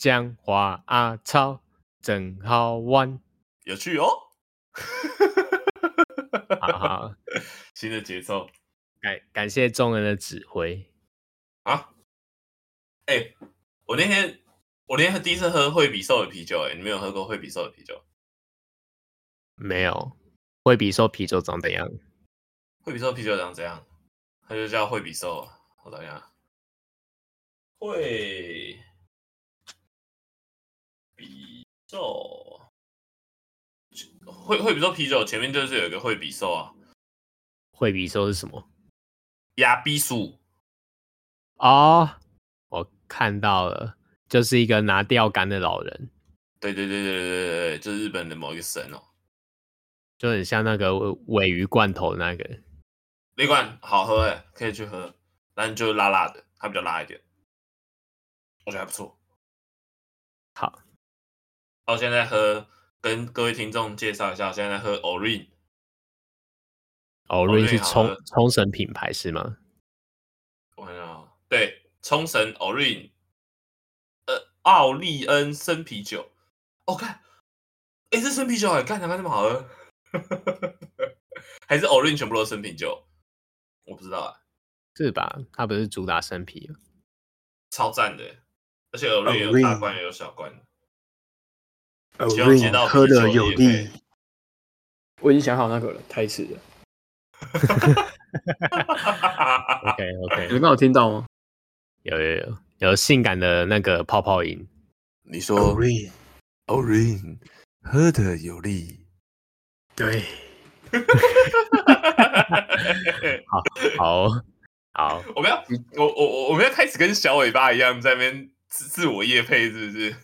講話啊草真好玩，有趣哦！哈 哈好好， 新的節奏，感感謝眾人的指揮啊！哎、欸，我那天我那天第一次喝惠比壽的啤酒，欸，哎，你沒有喝過惠比壽的啤酒？沒有。惠比壽啤酒長怎樣？惠比壽啤酒長怎樣？它就叫惠比壽，我一下，惠。惠比壽，會惠比壽啤酒前面就是有一個惠比壽啊，惠比壽是什麼？壓比壽哦，我看到了，就是一個拿釣竿的老人。對對對對對對對，就是日本的某一個神哦，就很像那個鮪魚罐頭的那個，那罐好喝哎，可以去喝，但就是辣辣的，它比較辣一點，我覺得還不錯。好。我現在，在喝，跟各位聽眾介紹一下，我現在，在喝 ORIN。奧瑞、okay。奧瑞是沖沖繩品牌是嗎？哇，對，沖繩奧瑞，呃，奧利恩生啤酒。OK，、oh, 哎，這生啤酒，好看哪罐這麼好喝？ 還是 o r 奧瑞全部都是生啤酒？我不知道啊，是吧？它不是主打生啤、啊、超讚的，而且奧瑞有大罐也有小罐。我就知道喝的有利。我已經想好那個了，台詞了。 OK OK，你們有聽到嗎？有有有有，有有性感的那個泡泡音。你說 Oh Ring，Oh Ring 喝的有利。對。 好好好，我們要我我我我們要開始跟小尾巴一樣在那邊自自我業配，是不是？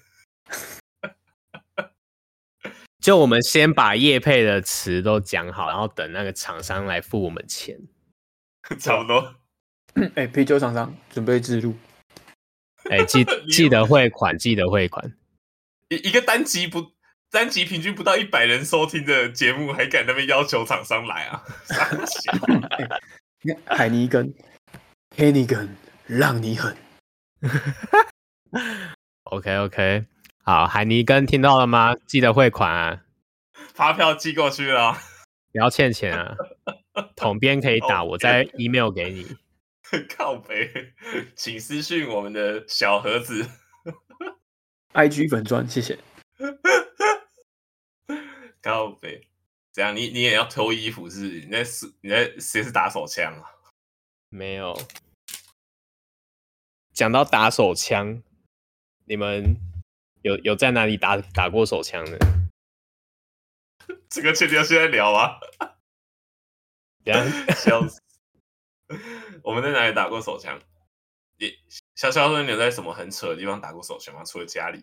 就我們先把業配的詞都講好，然後等那個廠商來付我們錢，差不多。哎、 欸，啤酒廠商準備置入，哎、欸，記記得匯款，記得匯款。一一個單集不單集平均不到一百人收聽的節目，還敢那邊要求廠商來啊？ 欸、海尼根，黑 尼根讓你狠。 OK OK。好，海尼根聽到了嗎？記得匯款啊，發票寄過去啊，不要欠錢啊。統編可以打，我再 email 給你。靠北！請私訊我們的小盒子。IG 粉專，謝謝。靠北！怎樣？你你也要脫衣服是不是？你是你在誰是打手槍啊？沒有。講到打手槍，你們。有有在哪裡打打過手槍的？這個確定要現在聊啊。呀， 笑死我們在哪裡打過手槍？你瀟瀟說你有在什麼很扯的地方打過手槍嗎？除了家裡，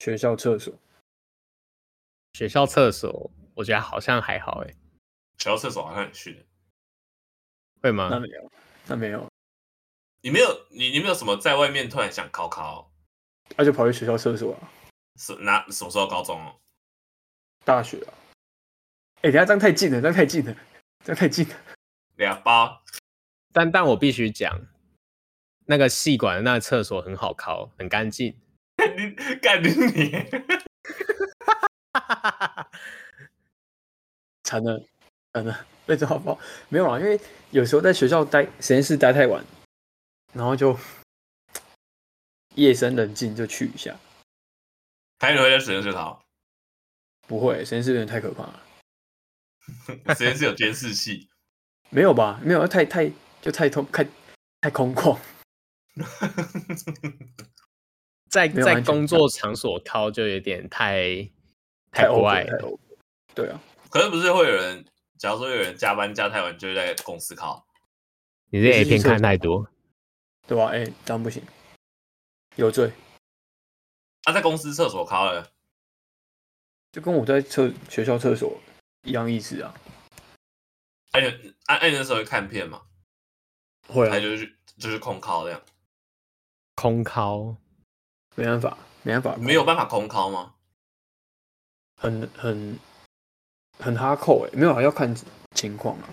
學校廁所。學校廁所，我覺得好像還好哎、欸。學校廁所好像很虛的，會嗎？那沒有，那沒有。你沒有，你你沒有什麼在外面突然想考考？而、啊、就跑去學校廁所，是那，什麼時候高中？大學啊！哎，等下，站太近了，站太近了，站太近了，兩包。但但我必須講，那個細管的那個廁所很好，考很乾淨。你幹你，哈哈哈！哈，哈，哈，哈，哈，哈，哈，沒有啊，因為，有時候在學校待實驗室待太晚，然後，就。夜深人靜就去一下，還會在實驗室就掏？不會，實驗室有點太可怕了。 實驗室有監視器？ 沒有吧？沒有，太太就太空太太，太空曠。 在在工作場所掏就有點太太 OI 了，對啊，可能不是會有人，假如說有人加班加太晚，就在公司掏。你這 A 片看太多，就是、對吧、啊？哎、欸，這樣不行。有罪。他、啊、在公司廁所考了、欸，就跟我在廁學校廁所一樣意思啊。按按按的時候會看片嗎？會、啊，他就是就是空考這樣。空考，沒辦法，沒辦法，沒有辦法空考嗎？很很很哈扣哎，沒有啊，要看情況啊，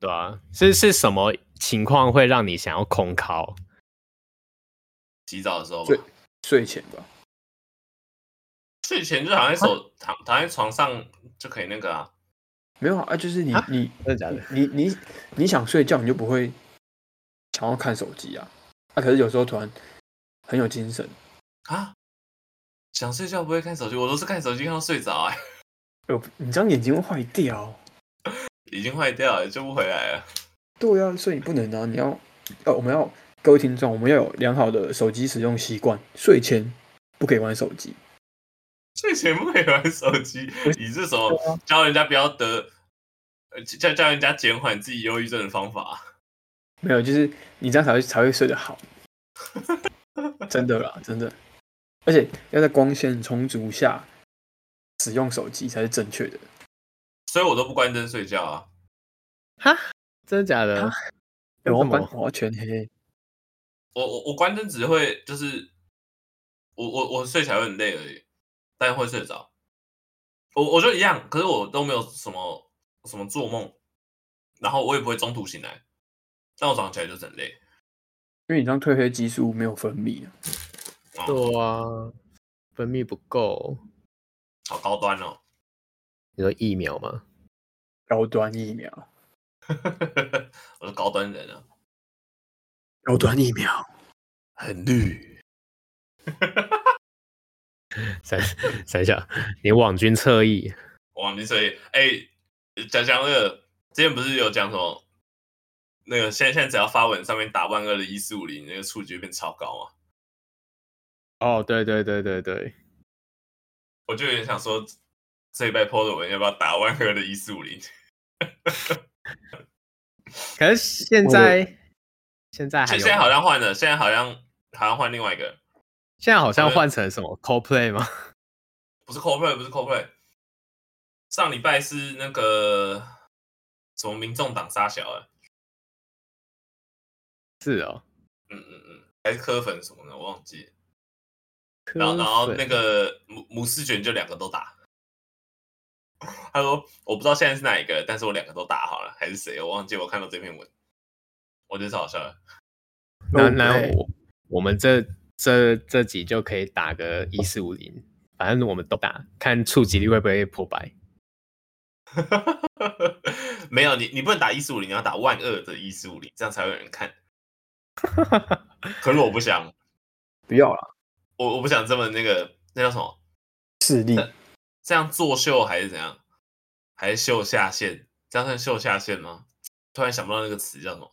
對啊，是是什麼情況會讓你想要空考？洗澡的時候，睡睡前吧，睡前就好像手躺、啊、躺在床上就可以那個啊，沒有啊，就是你你真的假的，你你你,你想睡覺你就不會想要看手機啊，啊可是有時候突然很有精神啊，想睡覺不會看手機，我都是看手機看到睡着哎、欸，哦、欸、你這樣眼睛會壞掉，已經壞掉了，就不回來了，對呀、啊，所以不能啊，你要、呃、我們要。各位聽眾，我們要有良好的手機使用習慣。睡前不可以玩手機。睡前不可以玩手機，你是什麼？教人家不要得，呃，叫叫人家減緩自己憂鬱症的方法啊？沒有，就是你這樣才會才會睡得好。 真的啦，真的。而且要在光線充足下使用手機才是正確的。所以我都不關燈睡覺啊。哈？真的假的？我關，我好全黑。我我我關燈只會就是我我我睡起來會很累而已，但會睡着我我就一樣，可是我都沒有什麼什麼做夢，然後我也不會中途醒來，但我早上起來就是很累，因為你當褪黑激素沒有分泌啊。嗯。對啊，分泌不夠，好高端哦。你說疫苗嗎？高端疫苗。 我是高端人啊。高端疫苗很綠，三 三下你網軍側翼，網軍側翼哎，講講、欸、那個之前不是有講說那個現在現在只要發文上面打萬惡的一四五零，那個觸及變超高嘛？哦，對對對對對，我就有點想說這禮拜 po 的文要不要打萬惡的一四五零？ 可是現在。現在還有，現在好像換了，現在好像好像換另外一個，現在好像換成什麼 Coldplay 嗎？不是 Coldplay，不是 Coldplay。上禮拜是那個什麼民眾黨殺小哎，是哦，嗯嗯嗯，還是柯粉什麼的？我忘記。然後然後那個母母獅卷就兩個都打。他說我不知道現在是哪一個，但是我兩個都打好了，還是誰？我忘記我看到這篇文，我就覺得超好笑，那那我我們這這這集就可以打個一四五零，反正我們都打，看觸及率會不會破百。 沒有你，你不能打一四五零，你要打萬二的一四五零，這樣才會有人看。 可是我不想，不要啦，我我不想這麼那個，那叫什麼勢力？這樣作秀還是怎樣？還是秀下限？這樣算秀下限嗎？突然想不到那個詞叫什麼。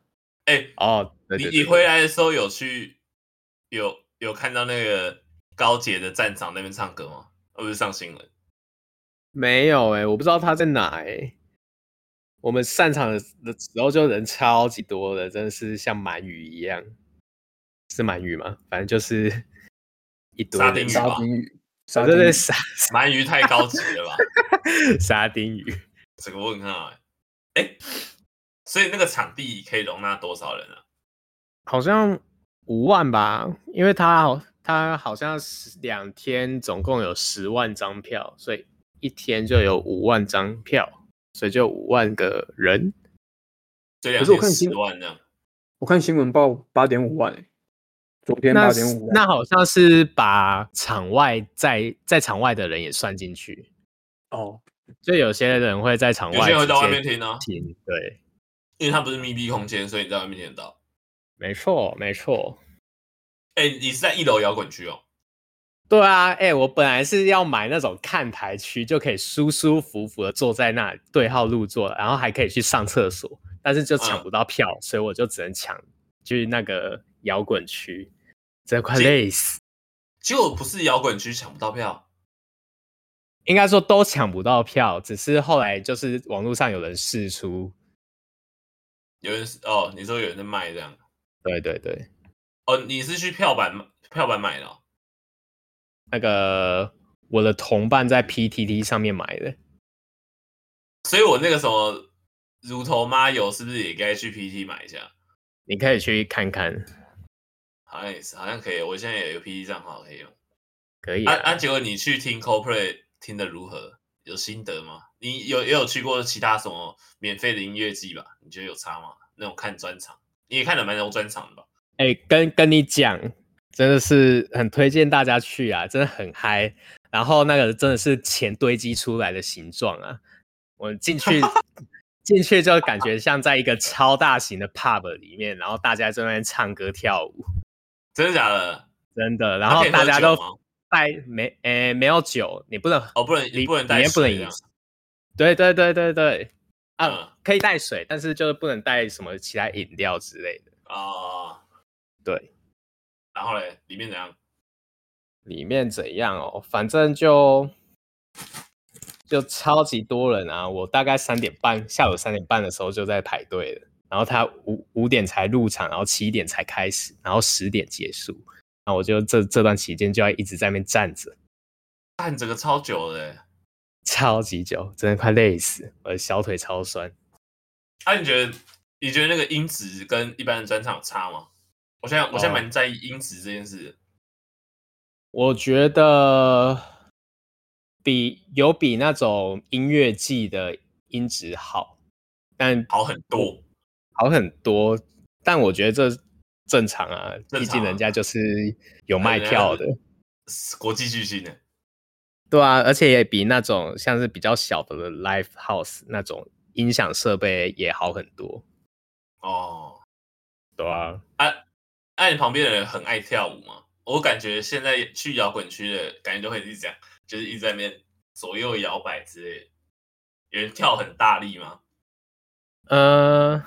哎、欸、哦、oh,，你你回來的時候有去有有看到那個高捷的站長那邊唱歌嗎？不是上新聞，沒有哎、欸，我不知道他在哪。哎、欸，我們散場的時候就人超級多的，真的是像鰻魚一樣，是鰻魚嗎？反正就是一堆沙丁魚，沙丁魚，對對對，鰻魚太高級了吧？ 沙丁魚，這個問號哎。欸所以那個場地可以容納多少人啊？好像五萬吧，因為他好他好像是兩天總共有十萬張票，所以一天就有五萬張票，所以就五萬個人、嗯。可是我看新聞呢、嗯，我看新聞報八點五萬、欸、萬，昨天八點五萬，那好像是把場外在在場外的人也算進去哦，就、oh, 有些人會在場外，有些人會在外面聽啊，停，對。因為它不是密閉空間，所以你在外面撿到。沒錯，沒錯。哎、欸，你是在一樓搖滾區哦？對啊，哎、欸，我本來是要買那種看台區，就可以舒舒服服的坐在那裡對號入座，然後還可以去上廁所，但是就搶不到票、嗯，所以我就只能搶就是那個搖滾區，這快累死。就不是搖滾區搶不到票，應該說都搶不到票，只是後來就是網絡上有人試出。有人是哦，你說有人在賣這樣，對對對。哦，你是去票版票版買的哦？那個我的同伴在 PTT 上面買的，所以我那個時候乳頭媽有是不是也該去 PT 買一下？你可以去看看，好像也是，好像可以。我現在也有 PT 賬號可以用，可以啊。啊啊，結果你去聽 Coldplay 聽的如何？有心得嗎？你有也有去過其他什麼免費的音樂季吧？你覺得有差嗎？那種看專場，你也看了蠻多專場的吧？哎、欸，跟跟你講，真的是很推薦大家去啊，真的很嗨。然後那個真的是錢堆積出來的形狀啊！我進去進 去就感覺像在一個超大型的 pub 裡面， 然後大家在那邊唱歌跳舞，真的假的？真的。然後大家都帶沒哎、欸、沒有酒，你不能哦不能你不能帶、啊、你也不能。對對對對對、啊，嗯，可以帶水，但是就是不能帶什麼其他飲料之類的啊、哦。對，然後嘞，裡面怎樣？裡面怎樣哦？反正就就超級多人啊！我大概三點半下午三點半的時候就在排隊了，然後他五五點才入場，然後七點才開始，然後十點結束。那我就這這段期間就要一直在那邊站着，站着個超久的、欸。超級久，真的快累死，我的小腿超酸。啊，你覺得你覺得那個音質跟一般的專場有差嗎？我現在、oh. 我現在蠻在意音質這件事。我覺得比有比那種音樂季的音質好，但好很多，好很多。但我覺得這正常啊，畢竟、啊、人家就是有賣票的，國際巨星的。對啊，而且也比那種像是比較小的 live house 那種音響設備也好很多哦。Oh. 對啊，哎、啊，那、啊、你旁邊的人很愛跳舞嗎？我感覺現在去搖滾區的感覺就會是這樣，就是一直在那邊左右搖擺之類。有人跳很大力嗎？嗯、呃，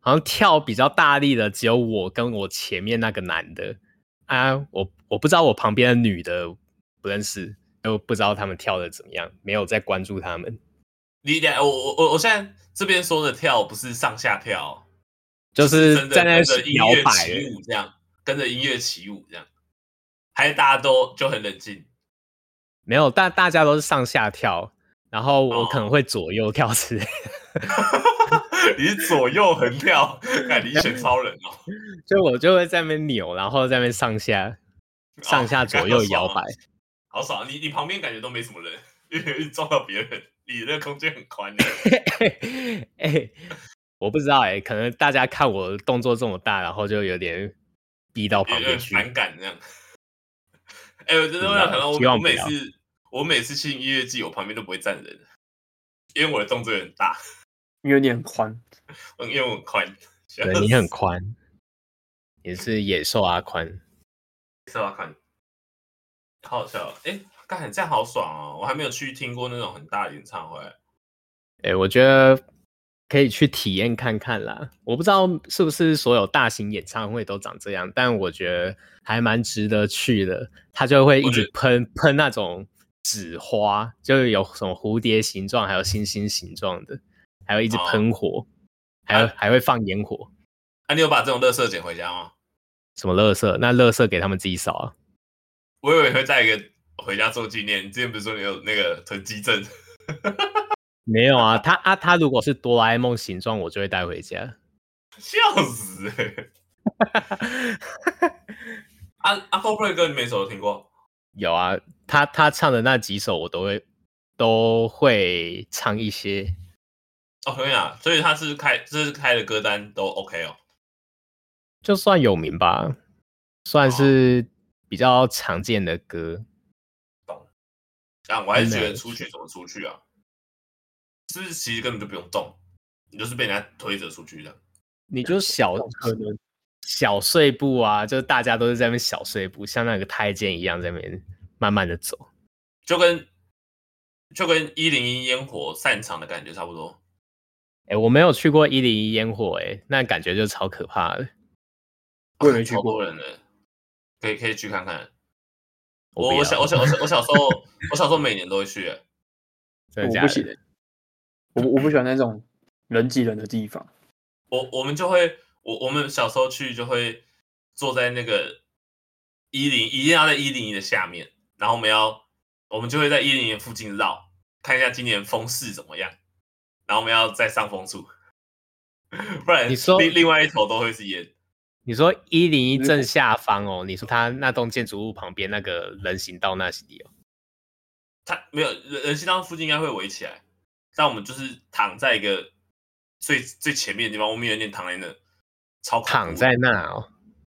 好像跳比較大力的只有我跟我前面那個男的啊。我我不知道，我旁邊的女的不認識，都不知道他們跳的怎麼樣，沒有在關注他們。你倆，我我我我現在這邊說的跳不是上下跳，就是站在那搖擺跟著音樂起舞這樣，跟着音樂起舞這樣，還是大家都就很冷靜，沒有，但大,大家都是上下跳，然後我可能會左右跳是、哦，是？ 你是左右橫跳， 哎，你選超人哦，就我就會在那邊扭，然後在那邊上下、上下左右搖擺。哦好爽，啊！你你旁邊感覺都沒什麼人，因為撞到別人，你的那個空間很寬的。哎、 欸，我不知道哎，欸，可能大家看我動作這麼大，然後就有點逼到旁邊去，反感這樣。哎，欸，我真的沒想，想到，我我每次，嗯、我每次去音樂祭，我旁邊都不會站人，因為我的動作很大，因為你很寬，因為我很寬，對，你很寬，你是野獸阿寬，野獸阿寬。好好笑喔，欸，剛才這樣好爽喔！我還沒有去聽過那種很大的演唱會，欸，我覺得可以去體驗看看啦，我不知道是不是所有大型演唱會都長這樣，但我覺得還蠻值得去的。他就會一直噴噴那種紙花，就有什麼蝴蝶形狀，還有星星形狀的，還有一直噴火，哦。啊？還有還會放煙火。啊，你有把這種垃圾撿回家嗎？什麼垃圾？那垃圾給他們自己掃啊。我以為會帶一個回家做紀念。你之前不是說你有那個囤積症？ 沒有啊，他啊，他如果是哆啦 A 夢形狀，我就會帶回家。笑死、欸！阿阿峰瑞歌你每首都聽過？有啊，他他唱的那幾首我都會都會唱一些。哦，可以啊，所以他是開這、就是開的歌單都 OK 哦，就算有名吧，算是、oh.。比較常見的歌，懂。但我還是覺得出去怎麼出去啊？嗯、是，不是其實根本就不用動，你就是被人家推着出去的。你就小小碎步啊，就是大家都是在那邊小碎步，像那個太監一樣在那邊慢慢的走，就跟就跟一零一煙火散場的感覺差不多。哎、欸，我沒有去過一零一煙火、欸，哎，那感覺就超可怕的。我也沒去過。超多人的。可以可以去看看，我我，我小我小我小我小時候， 我小時候每年都會去家。我不喜歡，我不我不喜歡那種人擠人的地方。我我們就會，我我們小時候去就會坐在那個 101, 一零一，一定要在一零一的下面。然後我們要，我們就會在一零一附近繞，看一下今年風勢怎麼樣。然後我們要在上風處， 不然你說，另另外一頭都會是煙。你說一零一正下方哦、嗯？你說他那棟建築物旁邊、嗯、那個人行道那裡哦？他沒有人，人行道附近應該會圍起來。但我們就是躺在一個最最前面的地方，我們有點躺在那，超躺在那哦。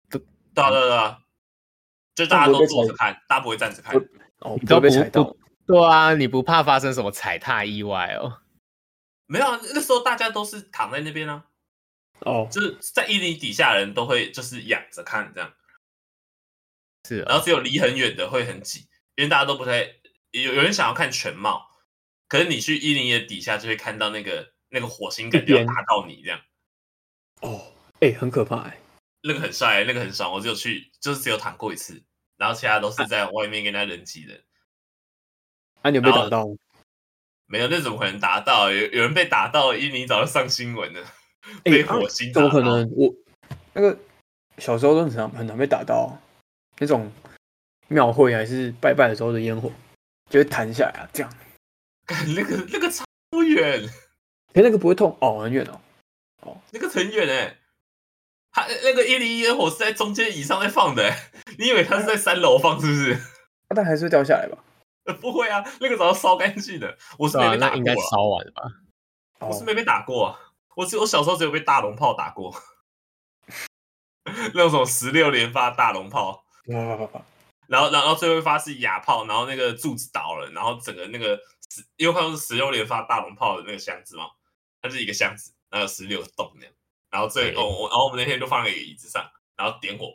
對、啊、對對、啊，就大家都坐着看，不大家不會站着看。哦，你都被踩到？對啊，你不怕發生什麼踩踏意外哦？嗯、沒有、啊，那個、時候大家都是躺在那邊啊。哦、oh,，就是在101底下人都會就是仰着看這樣，是、啊，然後只有離很遠的會很擠，因為大家都不太有有人想要看全貌，可是你去101的底下就會看到那個那個火星感覺要打到你這樣，哦、嗯，哎、oh, 欸，很可怕、欸，那個很帥、欸，那個很爽，我只有去就去就是只有躺過一次，然後其他都是在外面跟他人擠的，那、啊啊、你有有打到沒有，那怎麼可能打到、啊？有有人被打到101，早就上,上新聞了。我、欸啊，怎麼可能我？我那個小時候都很常，很難被打到、啊，那種廟會還是拜拜的時候的煙火，就會彈下來啊。這樣，那個那個超遠，誒、欸，那個不會痛哦，很遠哦，哦，那個很遠哎、欸。他那個一零一煙火是在中間以上在放的、欸，你以為他是在三樓放是不是、啊？但還是會掉下來吧？呃，不會啊，那個早上燒乾淨的，我是被，那應該燒完了吧？我是沒被打過、啊。我我小時候只有被大龍炮打過， 那種十六連發大龍炮，然後然後最後一發是啞炮，然後那個柱子倒了，然後整個那個因為好像是十六連發大龍炮的那個箱子嘛，它是一個箱子，然後十六個洞那樣，然後最後、哦、然後我們那天就放在一個椅子上，然後點火，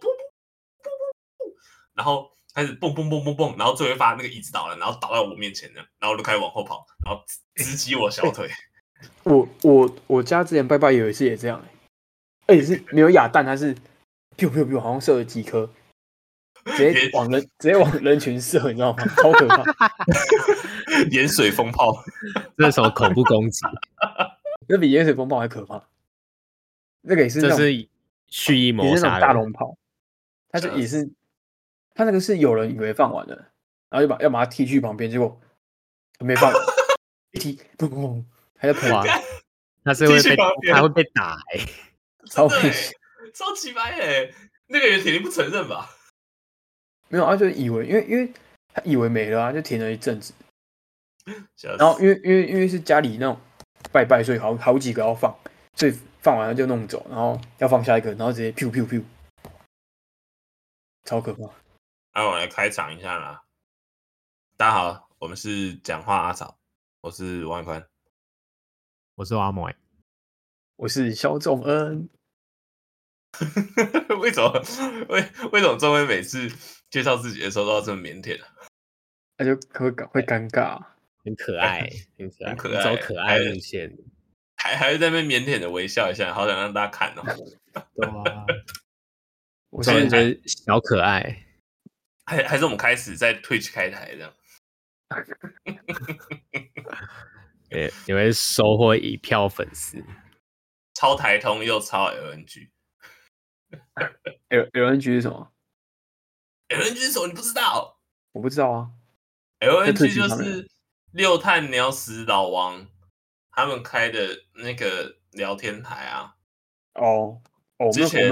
然後開始蹦蹦蹦蹦蹦，然後最後一發那個椅子倒了，然後倒到我面前那樣，然後我就開始往後跑，然後直擊我小腿。 我我我家之前拜拜有一次也這樣哎、欸，也是沒有啞彈，他是，砰砰砰，好像射了幾顆，直接往人直接往人群射，你知道嗎？超可怕！鹽 水蜂炮，那 什麼恐怖攻擊？那 比鹽水蜂炮還可怕。那個也是，這是蓄意謀殺，大龍炮，他就也是，他那個是有人以為放完了，然後就把要把它踢去旁邊，結果沒放，一踢砰砰。噗噗噗還是跑玩、啊，他是會被，他還會被打、欸欸，超，超奇葩誒、欸！那個人肯定不承認吧？沒有，他、啊、就以為，因為因為，他以為沒了啊，就停了一陣子、就是。然後因為因為因為是家裡那種拜拜，所以好好幾個要放，所以放完了就弄走，然後要放下一個，然後直接 pew pew 超可怕。啊、我來，開場一下啦！大家好，我們是講話阿嫂，我是王永寬。我是阿莫，我是肖仲恩。 為什麼？為為什麼？仲恩每次介紹自己的時候，都要這麼靦腆？啊？那、啊、就會尷會尷尬，很可愛，聽起來很可愛，小可愛路線。還還是在那邊靦腆的微笑一下，好想讓大家看哦。 對啊，我是覺得小可愛。還還是我們開始在 Twitch 開台這樣。 你你會收穫一票粉絲，超台通又超 LNG，L n g 是什麼？LNG 是什麼？什麼你不知道？我不知道啊。LNG 就是六探鳥屎老王他們開的那個聊天台啊。哦哦，之前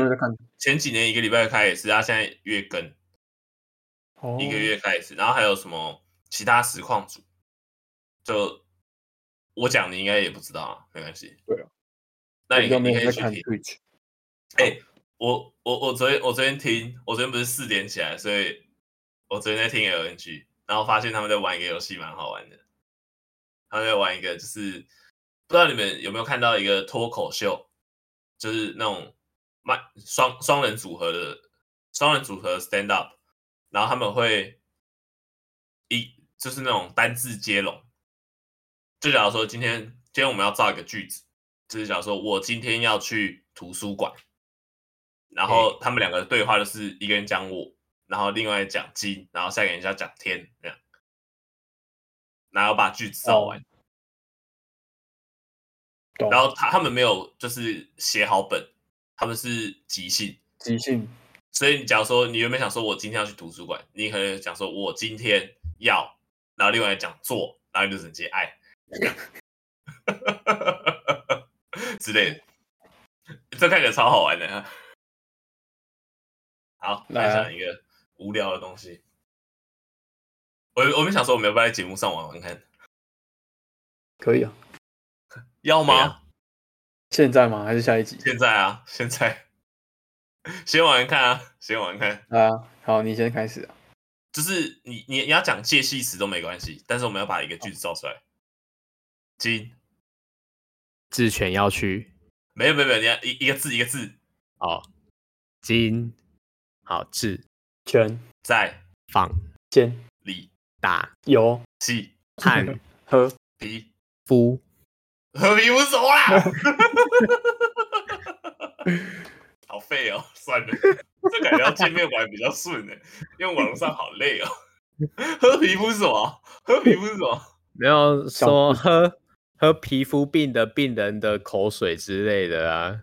前幾年一個禮拜開一次，他現在月更，一個月開一次，然後還有什麼其他實況主就。我講你應該也不知道啊，沒關係。對啊，那你可以在看，你可以去聽。哎、欸啊，我我我昨天我昨天聽，我昨天不是四點起來，所以我昨天在聽 LNG，然後發現他們在玩一個遊戲，蠻好玩的。他們在玩一個，就是不知道你們有沒有看到一個脫口秀，就是那種雙雙人組合的雙人組合 stand up，然後他們會一就是那種單字接龍。就假如說今天，今天我們要造一個句子，就是假如說我今天要去圖書館。然後他們兩個對話就是一個人講我，然後另外講今，然後下一個人就要講天這樣。然後把句子造完。哦、然後他他們沒有就是寫好本，他們是即興，即興。所以假如說你原本想說我今天要去圖書館，你可能想說我今天要，然後另外講做，然後你就直接愛。哈哈哈之類的，這看起來超好玩的。好，來講一個無聊的東西。我我們想說，我們要不要在節目上玩玩看？可以啊，要嗎？現在嗎？還是下一集？現在啊，現在，先玩，玩看啊，先玩，玩看啊。好，你先開始。就是你你要講介系詞，都沒關係，但是我們要把一個句子造出來。金智泉要去？沒有，沒有人家一一,一,一個字一個字哦。金好智全在房間裡打遊戲，喝皮膚，喝皮膚是什麼？啊、 好廢哦，算了， 這感覺要見面玩比較順哎、欸，因為網上好累哦。 喝皮膚是什麼？喝皮膚是什麼？沒有說喝。和皮膚病的病人的口水之類的啊，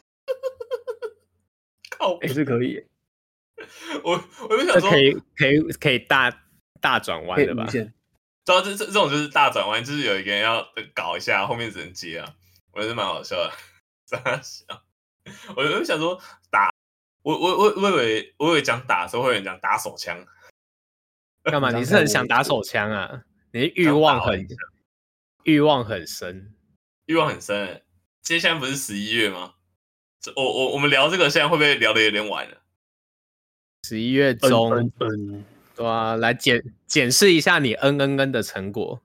靠、欸，也是可以。 我我就想說，可以可以可以大大轉彎的吧？知道這這這種就是大轉彎，就是有一個人要搞一下，後面只能接啊，我覺得蠻好笑的，我 我就想說打，我我我我以為我以為講打，的候會有人講打手槍。 幹嘛？你是很想打手槍啊？你的慾望很強。 欲望很深，欲望很深。今天現在不是十一月嗎？我我我們聊這個，現在會不會聊得有點晚了、啊？十一月中，哇、嗯嗯嗯，對啊，來解解釋一下你嗯嗯嗯的成果。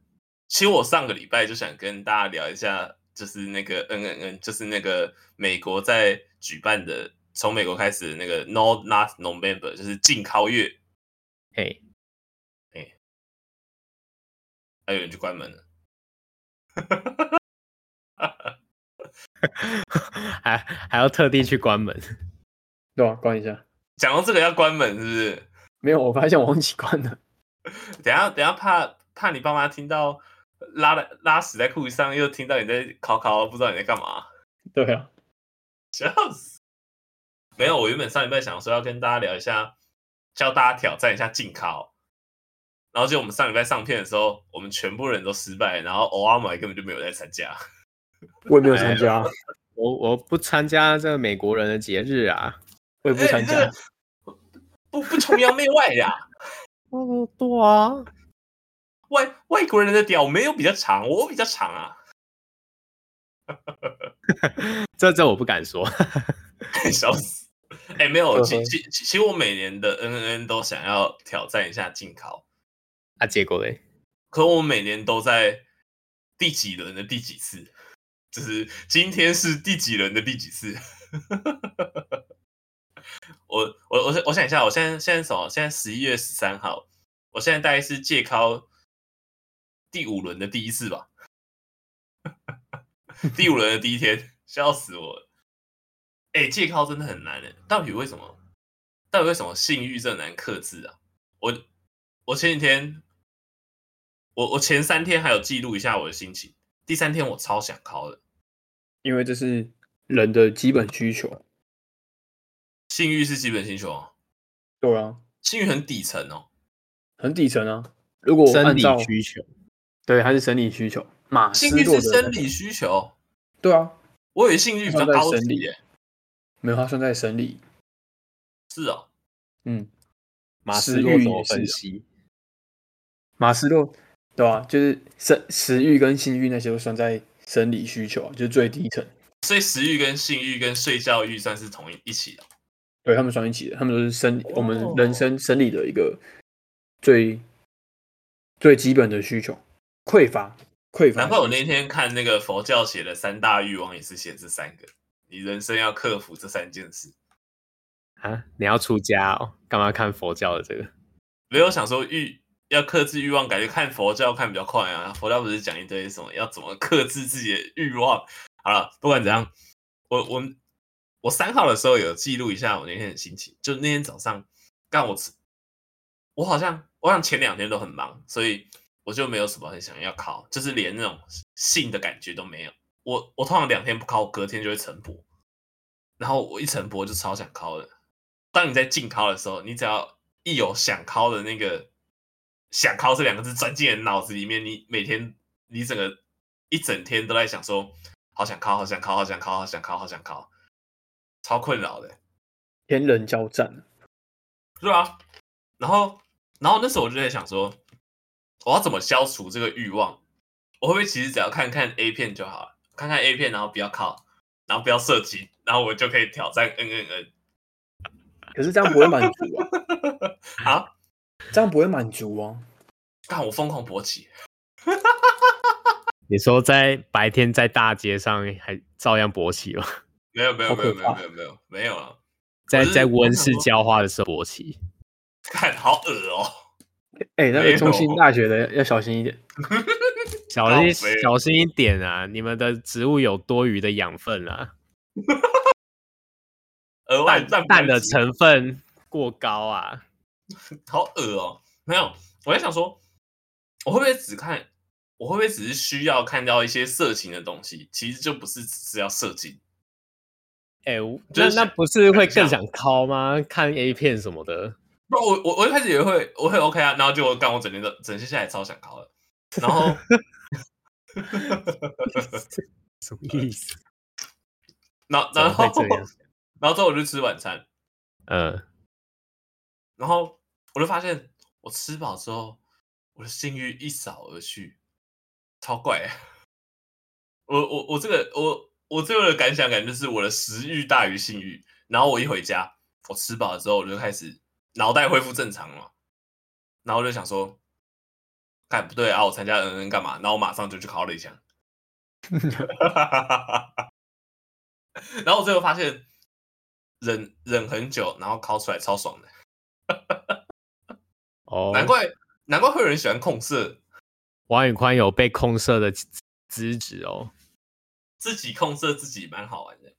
其實我上個禮拜就想跟大家聊一下，就是那個嗯嗯嗯，就是那個美國在舉辦的，從美國開始的那個 North North November，就是禁烤月。嘿。哎、欸，還有人去關門了。哈哈哈，哈，還還要特地去關門，對啊，關一下。講到這個要關門是不是？沒有，我發現我忘記關了。等下等下，等下怕怕你爸媽聽到拉了拉屎在褲子上，又聽到你在考考，不知道你在幹嘛。對啊，笑死！沒有。我原本上禮拜想說要跟大家聊一下，教大家挑戰一下進考。然後就我們上禮拜上片的時候，我們全部人都失敗，然後歐阿買根本就沒有在參加， 我也沒有參加， 我我不參加這個美國人的節日啊，我也不參加，欸、不不崇洋媚外呀， 哦對啊，外外國人的屌沒有比較長，我比較長啊， 這這我不敢說，笑， 死，哎、欸、沒有，其其其實我每年的 N N N 都想要挑戰一下進考。啊，結果嘞？可我們每年都在第幾輪的第幾次？就是今天是第幾輪的第幾次？ 我我我我想一下，我現在現在什麼？現在十一月十三號，我現在大概是戒尻第五輪的第一次吧。 第五輪的第一天，笑，笑死我了！哎、欸，戒尻真的很難的、欸，到底為什麼？到底為什麼性慾這麼難剋制啊？我我前幾天。我我前三天還有記錄一下我的心情，第三天我超想哭的，因為這是人的基本需求，性慾是基本需求，對啊，性慾很底層哦，很底層啊，如果我按照生理需求，對，還是生理需求。馬斯洛性慾、那個、是生理需求，對啊，我以為性慾很高級耶，沒有，它、欸、算在生理，是啊、哦，嗯，馬斯洛怎麼分析？馬斯洛。對啊，就是生食食欲跟性欲那些都算在生理需求啊，就是最低層。所以食欲跟性欲跟睡覺欲算是同一一起的，啊，對他們算一起的，他們都是生我們人生生理的一個最哦哦哦哦最基本的需求，匱乏匱乏。難怪我那天看那個佛教寫的三大欲望也是寫這三個，你人生要克服這三件事啊？你要出家哦？幹嘛看佛教的這個？沒有想說欲。要克制欲望，感覺看佛教看比較快啊。佛教不是講一堆什麼，要怎麼克制自己的欲望？好了，不管怎樣，我我我三號的時候有記錄一下我那天的心情。就那天早上，幹我吃，我好像我想前兩天都很忙，所以我就沒有什麼很想要考，就是連那種性的感覺都沒有。我我通常兩天不考，隔天就會晨勃，然後我一晨勃就超想考的。當你在進考的時候，你只要一有想考的那個。想靠這兩個字鑽進人腦子裡面，你每天你整個一整天都在想說，好想靠，好想靠，好想靠，好想靠，好想靠，想靠超困擾的，天人交戰。是啊，然後然後那時候我就在想說，我要怎麼消除這個慾望？我會不會其實只要看看 A 片就好了？看看 A 片，然後不要靠，然後不要射擊，然後我就可以挑戰嗯嗯嗯。可是這樣不會滿足啊？ 啊？這樣不會滿足哦、啊，看我瘋狂勃起。 你說在白天在大街上還照樣勃起嗎？沒有沒有沒有沒有沒有沒有，沒有，沒有，沒有，沒有、啊、在在溫室澆花的時候勃起，看好噁哦、喔！哎、欸，那個中興大學的要小心一點， 小心小心一點啊！你們的植物有多餘的養分啊？額 外氮的成分過高啊！ 好惡哦、喔，沒有，我在想說，我會不會只看，我會不會只是需要看到一些色情的東西，其實就不是只是要色情。哎、欸，我覺得那，那不是會更想靠嗎？看 A 片什麼的。那我我我一開始也會，我會 OK 啊，然後就我幹，我整天的整些下來超想靠。的，然後， 什麼意思？然然後，然後之後，後我就吃晚餐，嗯，然後。我就發現，我吃飽之後，我的性慾一掃而去，超怪。我我我這個我我最後的感想感就是，我的食慾大於性慾。然後我一回家，我吃飽之後我就開始腦袋恢復正常了。然後我就想說，哎不對啊，我參加人人幹嘛？然後我馬上就去考了一下。 然後我最後發現忍，忍忍很久，然後考出來超爽的。 哦，難怪難怪會有人喜歡控色。王宇寬有被控色的資質哦，自己控色自己蠻好玩的。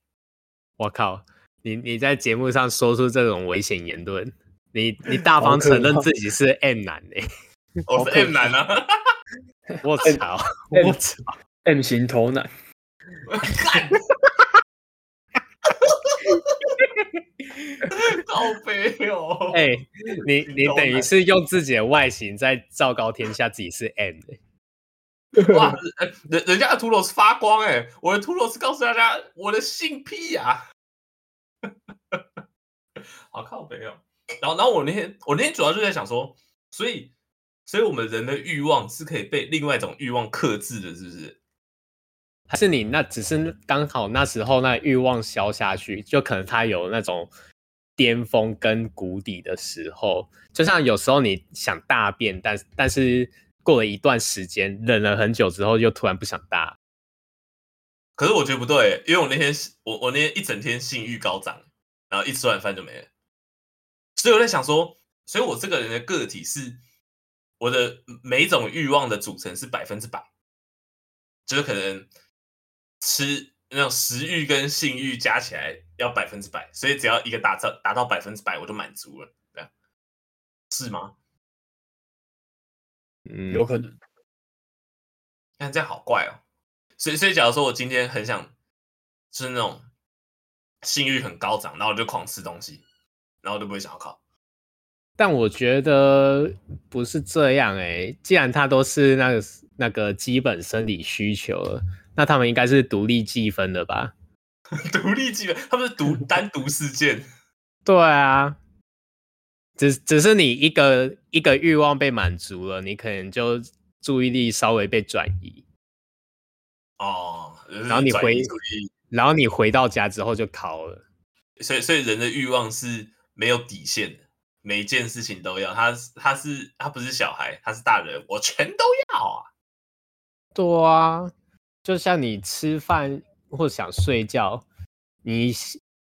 我靠，你你在節目上說出這種危險言論，你你大方承認自己是 M 男呢、欸？我 王柯、 哦、是 M 男啊！我操！我操！M 型頭男。 好靠北哦！哎、欸，你你等於是用自己的外形在昭告天下自己是 M 的。哇，人人家的陀螺是發光哎、欸，我的陀螺是告訴大家我的性癖啊， 好靠北哦。然後然後我那天我那天主要就是在想說，所以所以我們人的慾望是可以被另外一種慾望克制的，是不是？是你那只是剛好那時候那慾望消下去，就可能它有那種巔峰跟谷底的時候，就像有時候你想大便，但但是過了一段時間，忍了很久之後又突然不想大。可是我覺得不對，因為我那天我我那天一整天性慾高漲，然後一吃完飯就沒了。所以我在想說，所以我這個人的個體是，我的每一種慾望的組成是百分之百，就是可能。吃那種食慾跟性慾加起來要百分之百，所以只要一個達到達到百分之百，我就滿足了，是嗎？嗯，有可能。但這樣好怪哦、喔。所以所以，假如說我今天很想，吃、就是、那種性慾很高漲，然後我就狂吃東西，然後我就不會想要靠。但我覺得不是這樣哎、欸，既然它都是那個那個基本生理需求了。那他們應該是獨立計分的吧？獨 立計分，他們是獨單獨事件。 對啊，只只是你一個一個欲望被滿足了，你可能就注意力稍微被轉移。哦、就是移，然後你回，然後你回到家之後就考了。所以，所以人的欲望是沒有底線的，每一件事情都要。他他是他不是小孩，他是大人，我全都要啊。對啊。就像你吃飯或想睡覺，你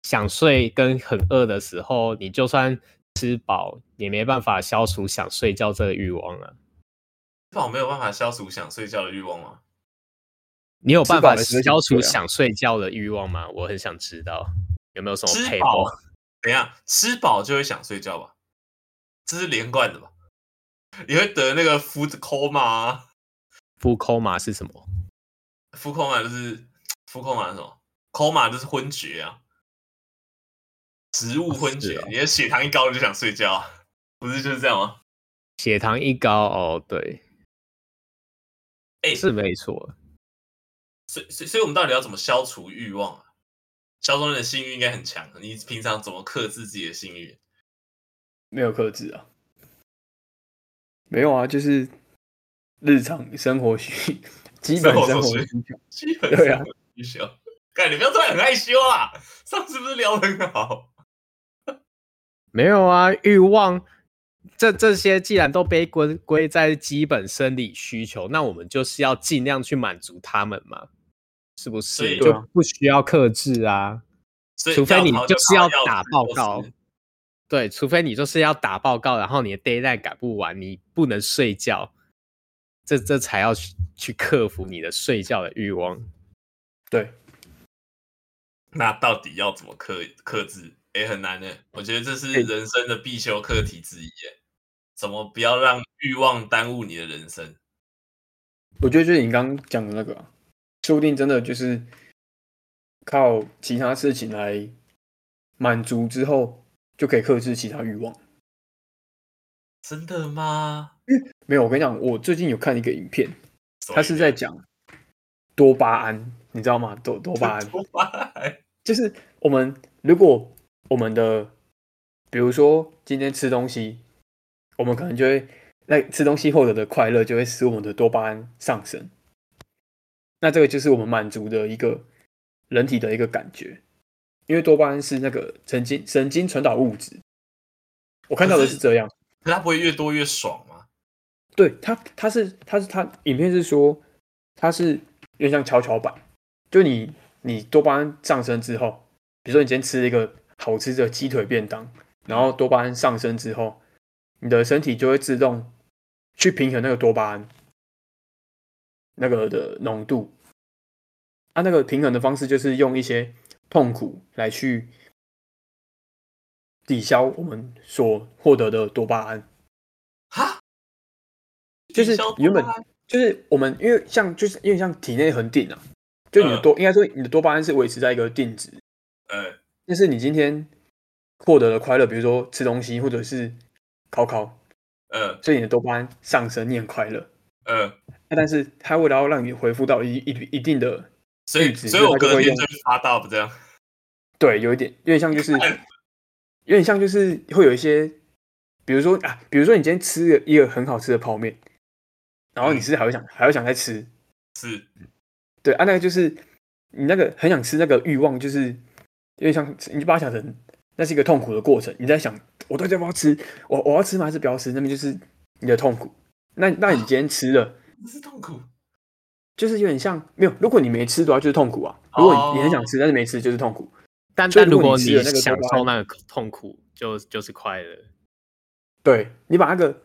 想睡跟很餓的時候，你就算吃飽你也沒辦法消除想睡覺這個慾望了、啊。吃飽沒有辦法消除想睡覺的慾望嗎？你有辦法消除想睡覺的慾望嗎？我很想知道、啊、有沒有什麼？吃飽怎樣？吃飽就會想睡覺吧？這是連貫的吧？你會得那個 food coma 嗎？food coma 是什麼？Food coma 啊，就是 Food coma 啊，什麼 coma 啊，Koma，就是昏厥啊，食物昏厥。啊哦，你的血糖一高你就想睡覺啊，不是就是這樣嗎？血糖一高哦，對，哎，欸，是沒錯。所以，所以，所以我們到底要怎麼消除欲望啊？消除你的性欲應該很強，你平常怎麼克制自己的性欲？沒有克制啊，沒有啊，就是日常生活需。基本生理需求，對啊，你想，哎，你不要突然很害羞啊！上次不是聊得很好？沒有啊，慾望這這些既然都被歸歸在基本生理需求，那我們就是要盡量去滿足他們嘛，是不是？就不需要克制啊，除非你就是要打報告跑跑，對，除非你就是要打報告，然後你的 deadline 改不完，你不能睡覺。這這才要去去克服你的睡覺的慾望，對。那到底要怎麼克克制？誒，很難呢。我覺得這是人生的必修課題之一耶。怎麼不要讓慾望耽誤你的人生？我覺得就是你剛剛講的那個啊，說不定真的就是靠其他事情來滿足之後，就可以克制其他慾望。真的嗎？沒有，我跟你講，我最近有看一個影片，他、Okay. 是在講多巴胺，你知道嗎？多多巴胺， 多巴胺，就是我們如果我們的，比如說今天吃東西，我們可能就會那吃東西獲得的快樂，就會使我們的多巴胺上升。那這個就是我們滿足的一個人體的一個感覺，因為多巴胺是那個神經神經傳導物質。我看到的是這樣，那它不會越多越爽嗎？啊？對他，他是，他是，他，影片是說，他是有點像蹺蹺板，就你，你多巴胺上升之後，比如說你今天吃一個好吃的雞腿便當，然後多巴胺上升之後，你的身體就會自動去平衡那個多巴胺那個的濃度，它、啊、那個平衡的方式就是用一些痛苦來去抵消我們所獲得的多巴胺。就是原本就是我們，因為像就是有點像體內恆定啊，就你的多應該說你的多巴胺是維持在一個定值，呃，但是你今天獲得了快樂，比如說吃東西或者是烤烤，呃，所以你的多巴胺上升，你很快樂，呃，但是它為了要讓你恢復到一一一定的定值，所以就會用有點差大不這樣，對，有一點有點像就是有點像就是會有一些，比如說啊，比如說你今天吃了一個很好吃的泡麵。然後你是不是還會想、嗯，還會想再吃？是，對，啊，那個就是你那個很想吃那個慾望，就是有點像你就把它想成那是一個痛苦的過程。你在想，我到底要不要吃？我我要吃嗎？還是不要吃？那麼就是你的痛苦。那那，你今天吃了、啊、不是痛苦，就是有點像沒有。如果你沒吃的話，就是痛苦啊、哦。如果你很想吃但是沒吃，就是痛苦。但但如果你那個享受那個痛苦就，就就是快樂。對你把那個。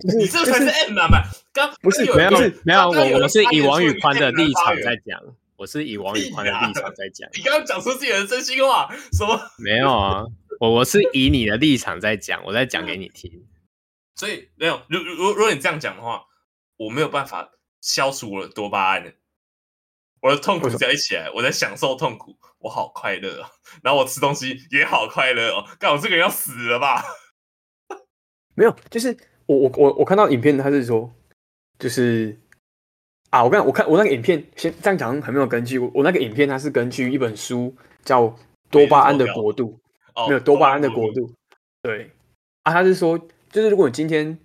就是、你這才是 m 媽、啊就是、剛，剛，剛不是，不是剛剛有沒有，沒有，我我是以王宇寬的立場在講，我是以王宇寬的立場在講。你剛剛講出自己的真心話，說沒有啊，我 我是以你的立場在講，我在講給你聽。所以沒有如如如果你這樣講的話，我沒有辦法消除我的多巴胺，我的痛苦就要一起來，我在享受痛苦，我好快樂啊、哦，然後我吃東西也好快樂哦，幹我這個人要死了吧？沒有，就是。我我我我看到影片，他是說，就是啊，我剛，剛我看我那個影片，先這樣講好像還沒有根據。我我那個影片，它是根據一本書叫《多巴胺的國度》，沒有多巴胺的國度。哦、國度對啊，他是說，就是如果你今天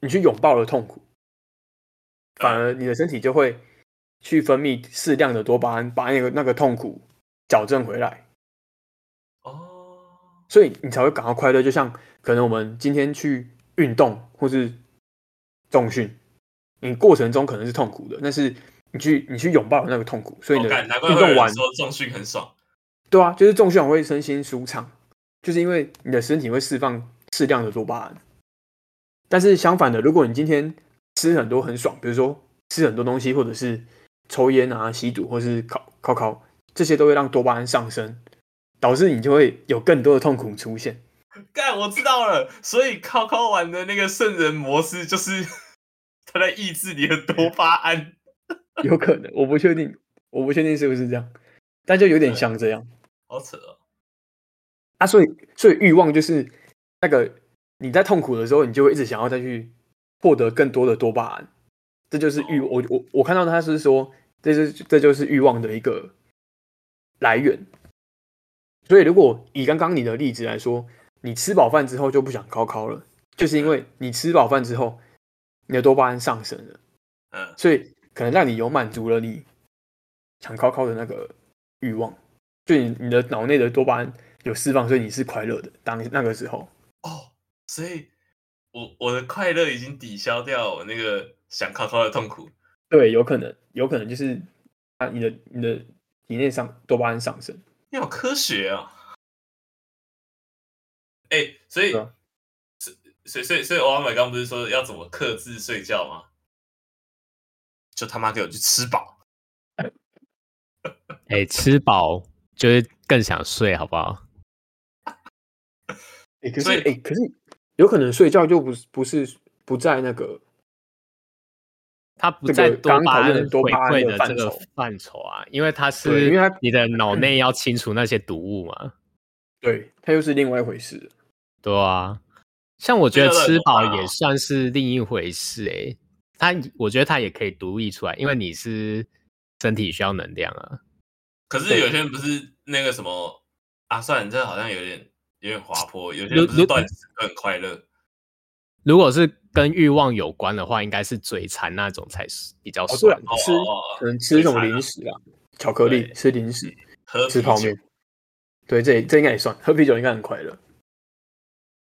你去擁抱了痛苦、嗯，反而你的身體就會去分泌適量的多巴胺，把那個那個痛苦矯正回來。哦，所以你才會感到快樂，就像。可能我們今天去運動或是重訓，你、嗯、過程中可能是痛苦的，但是你去你去擁抱那個痛苦，所以呢，運動完後、哦、重訓很爽，對啊，就是重訓會身心舒暢，就是因為你的身體會釋放適量的多巴胺。但是相反的，如果你今天吃很多很爽，比如說吃很多東西，或者是抽煙啊、吸毒，或是烤烤烤，這些都會讓多巴胺上升，導致你就會有更多的痛苦出現。幹，我知道了。所以，靠靠玩的那個聖人模式，就是他在抑制你的多巴胺。有可能，我不確定，我不確定是不是這樣，但就有點像這樣。好扯哦！啊，所以，所以慾望就是那個你在痛苦的時候，你就會一直想要再去獲得更多的多巴胺。這就是欲我我我看到他是說，這是這就是慾望的一個來源。所以，如果以剛剛你的例子來說。你吃飽飯之後就不想高考了，就是因為你吃飽飯之後，你的多巴胺上升了，嗯，所以可能讓你有滿足了你想高考的那個欲望，就你你的腦內的多巴胺有釋放，所以你是快樂的。當那個時候，哦，所以我我的快樂已經抵消掉我那個想高考的痛苦。對，有可能，有可能就是啊，你的你的體內上多巴胺上升。你好科學啊！所以，嗯、所以，所所以所以，王偉剛不是說要怎麼克制睡覺嗎？就他媽給我去吃飽！哎、 欸，吃飽就會、是、更想睡，好不好？哎、欸，可是、欸、可是有可能睡覺就不是不是不在那個，他不在多巴胺多巴胺的這個範疇啊，因為他是，因為你的腦內要清除那些毒物嘛，對，他又、嗯、是另外一回事。對啊，像我覺得吃飽也算是另一回事。哎、欸，他、啊、我覺得他也可以獨立出來，因為你是身體需要能量啊。可是有些人不是那個什麼啊，算了，算這好像有點有點滑坡。有些人不是斷食很快樂，如果是跟慾望有關的話，應該是嘴饞那種才是比較爽、哦啊，吃哦哦哦哦可能吃什麼零食啊，巧克力，吃零食，喝吃泡麵，對，這這應該也算，喝啤酒應該很快樂。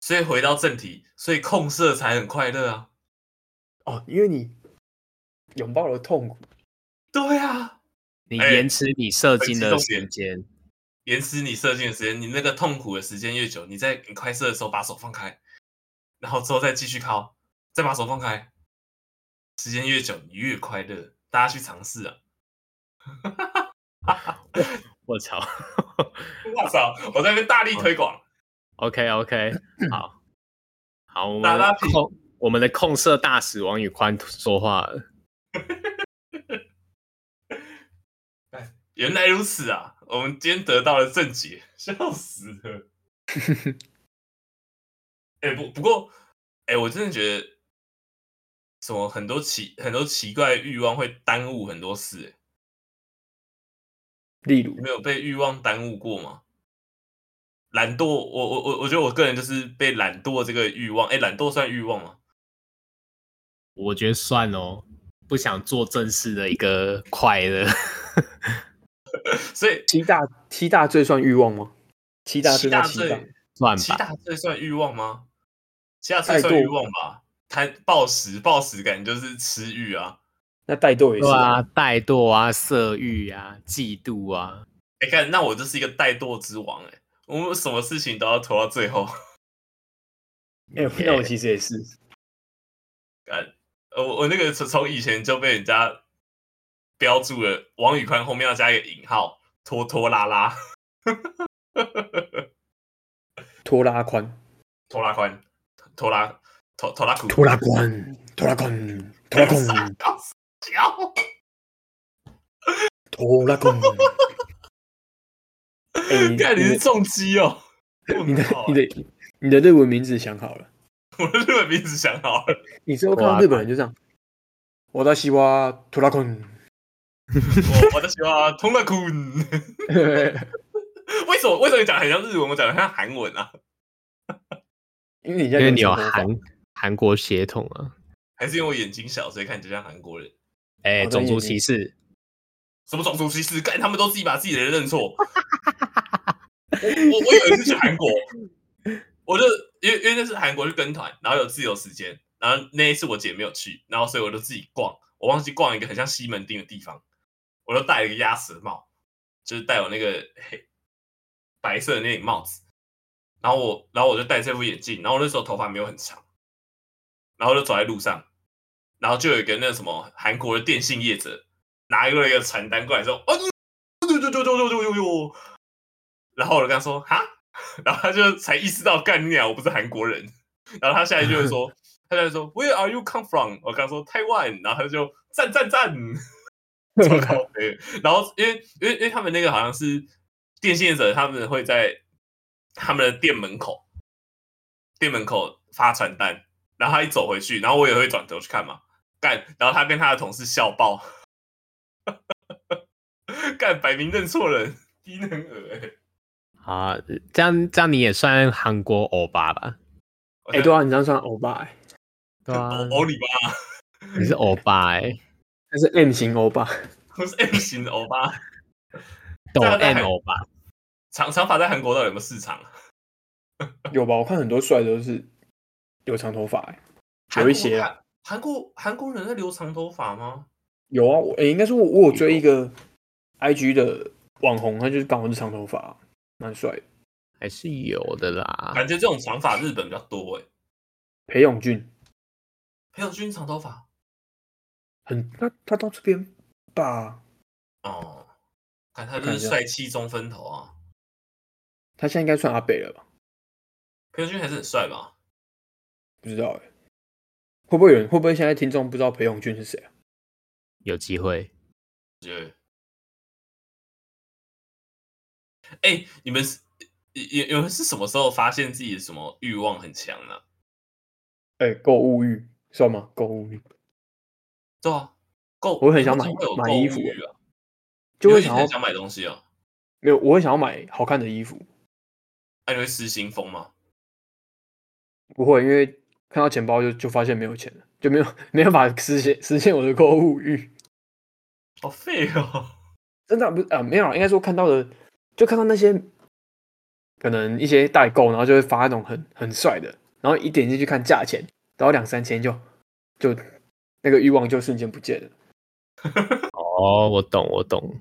所以回到正題，所以控射才很快樂啊！哦，因為你擁抱了痛苦。對啊，你延遲你射精的時間、欸，延遲你射精的時間，你那個痛苦的時間越久，你在你快射的時候把手放開，然後之後再繼續尻，再把手放開，時間越久你越快樂。大家去嘗試啊！ 我操！我操！ 我在那邊大力推廣。哦 OK，OK，okay, okay. 好好，我們的控大大我們的控色大使王宇寬說話了。哎， 原來如此啊！我們今天得到了正解，笑死了。哎、 欸，不，不過，哎、欸，我真的覺得，什麼很多奇很多奇怪的慾望會耽誤很多事、欸。例如，沒有被慾望耽誤過嗎？懶惰，我我我我覺得我個人就是被懶惰這個慾望，哎、欸，懶惰算慾望嗎？我覺得算哦，不想做正事的一個快樂。 所以七大七大罪算慾望嗎？七大罪七大罪算吧？七大罪算慾望嗎？七大罪算慾望吧，貪暴食暴食感就是吃欲啊，那怠惰也是嗎啊，怠惰啊，色欲啊，嫉妒啊，哎、欸，看那我就是一個怠惰之王、欸我們什麼事情都要拖到最後，okay. 欸。哎，那我其實也是。啊，我我那個從從以前就被人家標註了，王宇寬後面要加一個引號，拖拖拉拉， 拖拉寬，拖拉寬，拖拉拖拖拉寬，拖拉寬，拖拉寬，拖拉寬。 看，欸、你是重擊哦！你的，你的，你，的你的日文名字想好了， 我的日文名字想好了。你之後看到日本人就這樣，我的西哇圖拉昆，我的西瓜通拉昆。 oh, 為什麼？為什麼你講得很像日文？我講得很像韓文啊？因 為因為你有韓韓國血統啊。還是因為我眼睛小，所以看你就像韓國人。哎，欸，種族歧視？什麼種族歧視？感覺他們都自己把自己的人認錯。 我我，我有一次去韓國，我就因為因為那是韓國去跟團，然後有自由時間，然後那一次我姐沒有去，然後所以我就自己逛。我忘記逛一個很像西門町的地方，我就戴了一個鴨舌帽，就是戴我那個黑白色的那頂帽子。然後我然後我就戴這副眼鏡，然後那時候頭髮沒有很長，然後我就走在路上，然後就有一個那個什麼韓國的電信業者拿一個那個傳單過來說：“啊，呦呦呦呦呦呦呦呦！”然後我就跟他說哈，然後他就才意識到幹念、啊，我不是韓國人。然後他下來就會說，他下來就說 Where are you come from？我跟他說台灣，然後他就讚讚讚，超好。 然後因為因為因為他們那個好像是電信者，他們會在他們的店門口店門口發傳單，然後他一走回去，然後我也會轉頭去看嘛。幹，然後他跟他的同事笑爆， 幹，擺明認錯人，低能兒啊，這樣這樣你也算韓國歐巴吧？哎，欸、對啊，你這樣算歐巴，欸？對啊，歐尼吧？你是歐巴，欸？那，嗯、是 M 型歐巴，不是 M 型歐巴？抖 M 歐巴？長長髮在韓國到底有沒有市場？有吧？我看很多帥都是留長頭髮，欸，哎，有一些，啊。韓國韓國人在留長頭髮嗎？有啊，哎，欸、應該說，我我有追一個 IG 的網紅，他就是剛好是長頭髮，啊。蠻帥，還是有的啦。感覺這種想法日本比較多哎。裴勇俊，裴勇俊長頭髮，很他他到這邊吧？哦，看他就是帥氣中分頭啊。他現在應該算阿北了吧？裴勇俊還是很帥吧？不知道哎，會不會有人，會不會現在聽眾不知道裴勇俊是誰啊？有機會。對。哎、欸，你們是，有、欸、有是什麼時候發現自己的什麼欲望很強呢、啊？哎、欸，購物欲算嗎？購物欲，對啊，購我很想買、啊、買衣服啊，就會想要會想買東西啊。沒有，我會想要買好看的衣服。哎、啊，你會失心瘋嗎？不會，因為看到錢包就就發現沒有錢了，就沒有沒辦法實現實現我的購物欲。好廢哦！真的不是啊，沒、呃、有，應該說看到的。就看到那些，可能一些代購，然後就會發那種很很帥的，然後一點進去看價錢然後兩三千就，就就那個欲望就瞬間不見了。 哦，我懂，我懂，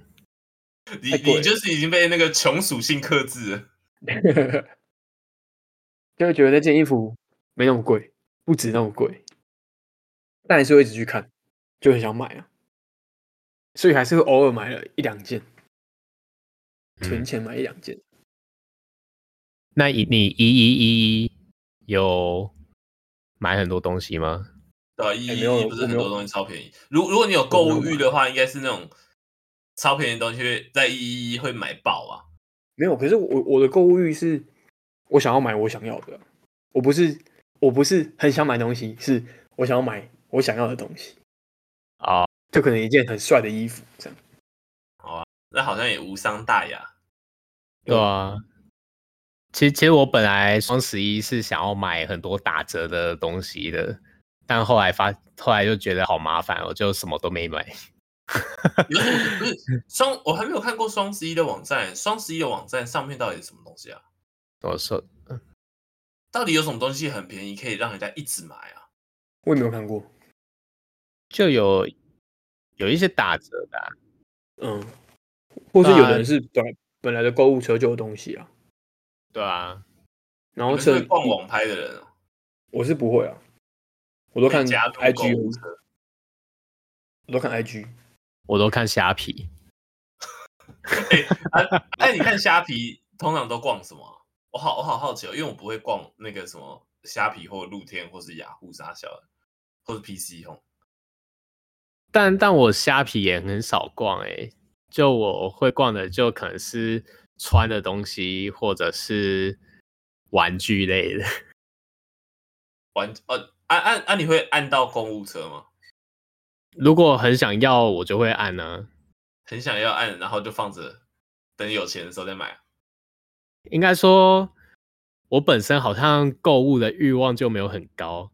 你你就是已經被那個窮屬性克制， 就會覺得那件衣服沒那麼貴，不值那麼貴，但還是會一直去看，就很想買啊，所以還是會偶爾買了一兩件。存錢買一兩件，嗯、那一你一一一有買很多東西嗎？對，一一一不是很多東西超便宜。如、欸、如果你有購物欲的話，應該是那種超便宜的東西，會在一一一會買爆啊。沒有，可是我我的購物欲是我想要買我想要的、啊，我不是我不是很想買東西，是我想要買我想要的東西啊，oh. 就可能一件很帥的衣服這樣。那好像也無傷大雅，對啊。其實其實我本來雙十一是想要買很多打折的東西的，但後來發後來就覺得好麻煩，我就什麼都沒買。 不是雙我還沒有看過雙十一的網站，雙十一的網站上面到底是什麼東西啊？我說，到底有什麼東西很便宜可以讓人家一直買啊？我沒有看過，就有有一些打折的啊。嗯。或是有人是本本來的購物車就有東西啊，對啊，然後是逛網拍的人，我是不會啊，會我都看 IG 我都看 IG，我都看蝦皮，哎、 欸欸、你看蝦皮通常都逛什麼？ 我好我好好奇哦，因為我不會逛那個什麼蝦皮或露天或是雅虎啥小的或是 PC 哦，但但我蝦皮也很少逛哎、欸。就我會逛的，就可能是穿的東西，或者是玩具類的。玩具呃，按按按，你會按到購物車嗎？如果很想要，我就會按呢。很想要按，然後就放着，等有錢的時候再買。應該說，我本身好像購物的欲望就沒有很高，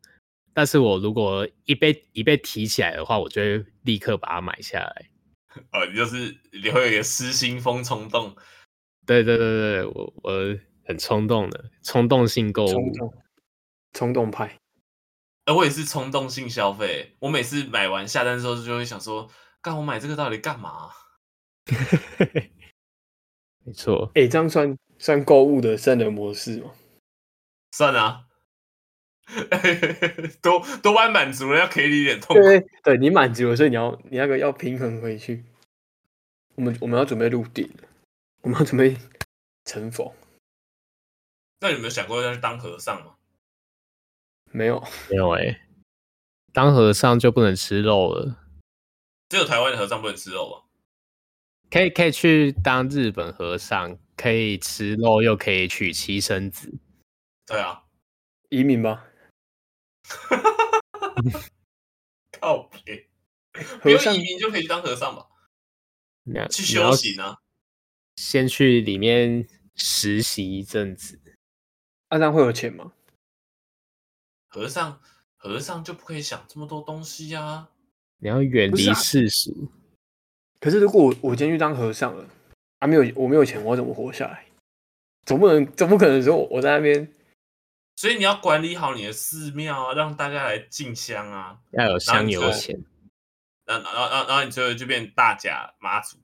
但是我如果一被一被提起來的話，我就會立刻把它買下來。哦，你就是你會有一個失心瘋衝動，對對對對，我我很衝動的，衝動性購物，衝動，動派。哎，我也是衝動性消費，我每次買完下單之後就會想說，幹我買這個到底幹嘛，啊？ 沒錯，哎、欸，這樣算算購物的三輪模式嗎？算啊。都都蠻滿足了，要給你一點痛苦。對，對你滿足了，所以你要你那個要平衡回去。我們我們要準備入定，我們要準備成佛。那你有沒有想過要去當和尚嗎？沒有，沒有哎、欸。當和尚就不能吃肉了。只有台灣的和尚不能吃肉嗎？可以，可以去當日本和尚，可以吃肉，又可以娶妻生子。對啊，移民吧。哈哈哈！哈靠！北！不移民就可以去當和尚吧。去休息呢，啊！先去裡面實習一陣子。啊這樣會有錢嗎？和尚，和尚就不可以想這麼多東西呀、啊。你要遠離世俗、啊。可是如果我我今天去當和尚了，啊，沒有，我沒有錢，我怎麼活下來？總不能，總不可能說我在那邊。所以你要管理好你的寺廟啊，讓大家來進香啊，要有香油錢，然然然然後你就就變大甲媽祖，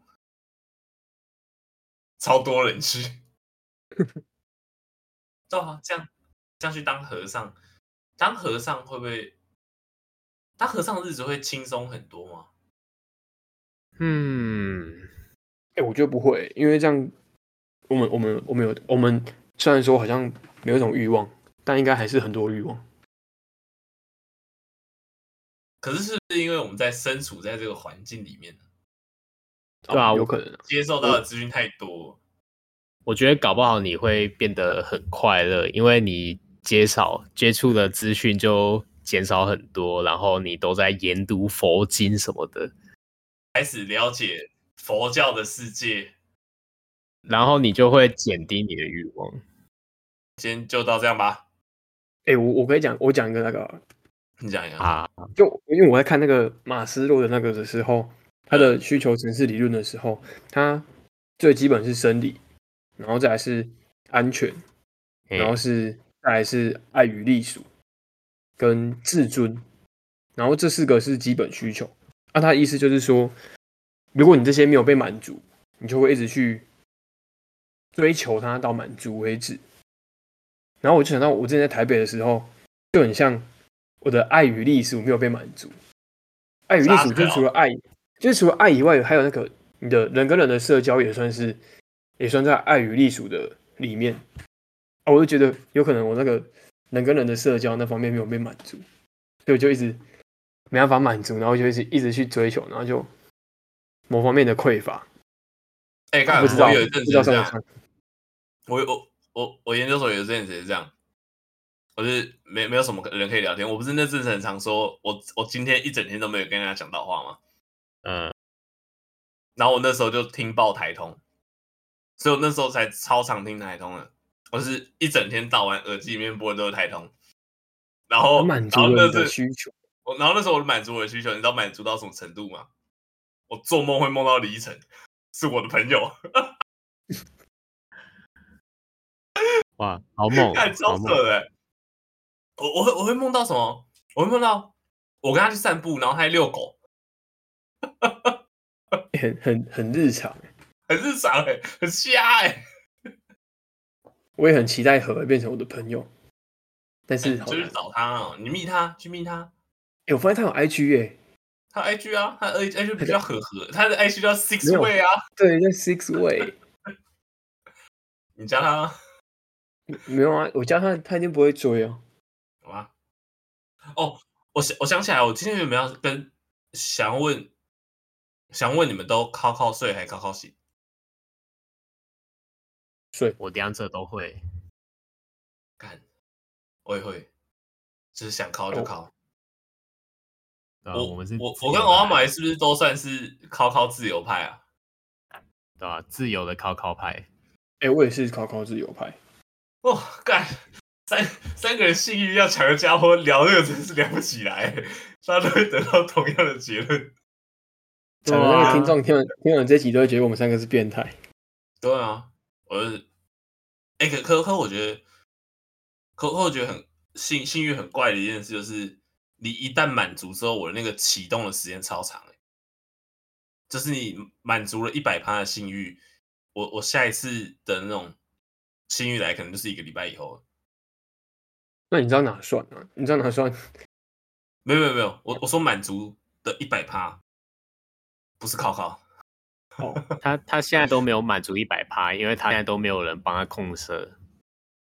超多人去。 哦，這樣這樣去當和尚，當和尚會不會？當和尚的日子會輕鬆很多嗎？嗯，哎、欸，我覺得不會，因為這樣我們我們我們有我們雖然說好像沒有一種慾望。但應該還是很多慾望。可是，是不是因為我們在身處在這個環境裡面？對啊，有、哦、可能接受到的資訊太多。我覺得搞不好你會變得很快樂，因為你減少接觸的資訊就減少很多，然後你都在研讀佛經什麼的，開始了解佛教的世界，然後你就會減低你的慾望。今天就到這樣吧。哎、欸，我我可以講，我講一個那個，你講一個啊。就因為我在看那個馬斯洛的那個的時候，他的需求層次理論的時候，他最基本是生理，然後再來是安全，然後是再來是愛與隸屬，跟自尊，然後這四個是基本需求。那、啊、他的意思就是說，如果你這些沒有被滿足，你就會一直去追求他到滿足為止。然後我就想到，我之前在台北的時候，就很像我的愛與隸屬沒有被滿足。愛與隸屬就是除了愛，就是除了愛以外，還有那個你的人跟人的社交也算是，也算在愛與隸屬的裡面。啊，我就覺得有可能我那個人跟人的社交那方面沒有被滿足，所以我就一直沒辦法滿足，然後就一直一直去追求，然後就某方面的匱乏、欸。哎，剛好我有一陣子這樣我我。我我研究所有段時間也是這樣，我是沒沒有什麼人可以聊天。我不是那陣子很常說，我我今天一整天都沒有跟人家講到話嗎？嗯。然後我那時候就聽爆台通，所以我那時候才超常聽台通的。我是一整天到晚耳機裡面播的都是台通，然後滿足那的需求，然我然後那時候我滿足我的需求，你知道滿足到什麼程度嗎？我做夢會夢到李依晨是我的朋友。 哇，好夢、喔， 好夢哎！我我，我會我會夢到什麼？我會夢到我跟他去散步，然後他還遛狗， 欸、很很很日常，很日常哎、欸，很瞎哎、欸！我也很期待和變成我的朋友，但是、欸、就是找他、啊，你密他，去密他。欸、我發現他有 IG 哎、欸，他 IG 啊，他 IG 就比較和和，他的 IG 叫 Six Way 啊，對，就 叫 Six Way，你加他嗎？ 沒有啊，我加上他，他一定不會追啊，好嗎？啊？哦，我想我想起來，我今天有沒有跟想問想問你們都靠靠睡還靠靠醒？睡，我兩者都會。幹，我也會，就是想靠就靠。哦、對啊，我，我，我們我、啊、我跟奧巴馬是不是都算是靠靠自由派啊？對吧、啊？自由的靠靠派。哎、欸，我也是靠靠自由派。哦，幹三三個人性慾要強的傢伙聊，這、那個真是聊不起來，大家都會得到同樣的結論。講那聽眾聽完聽完這期都會覺得我們三個是變態。對啊，我哎、就是欸，可可可，我覺得可可我覺得很性性慾很怪的一件事，就是你一旦滿足之後，我的那個啟動的時間超長、欸、就是你滿足了一百趴的性慾，我我下一次的那種。新玉來可能就是一個禮拜以後，那你知道哪算呢、啊？你知道哪算？沒有沒有沒有，我我說滿足的一百趴，不是考考，哦、 他他現在都沒有滿足一百趴，因為他現在都沒有人幫他控色，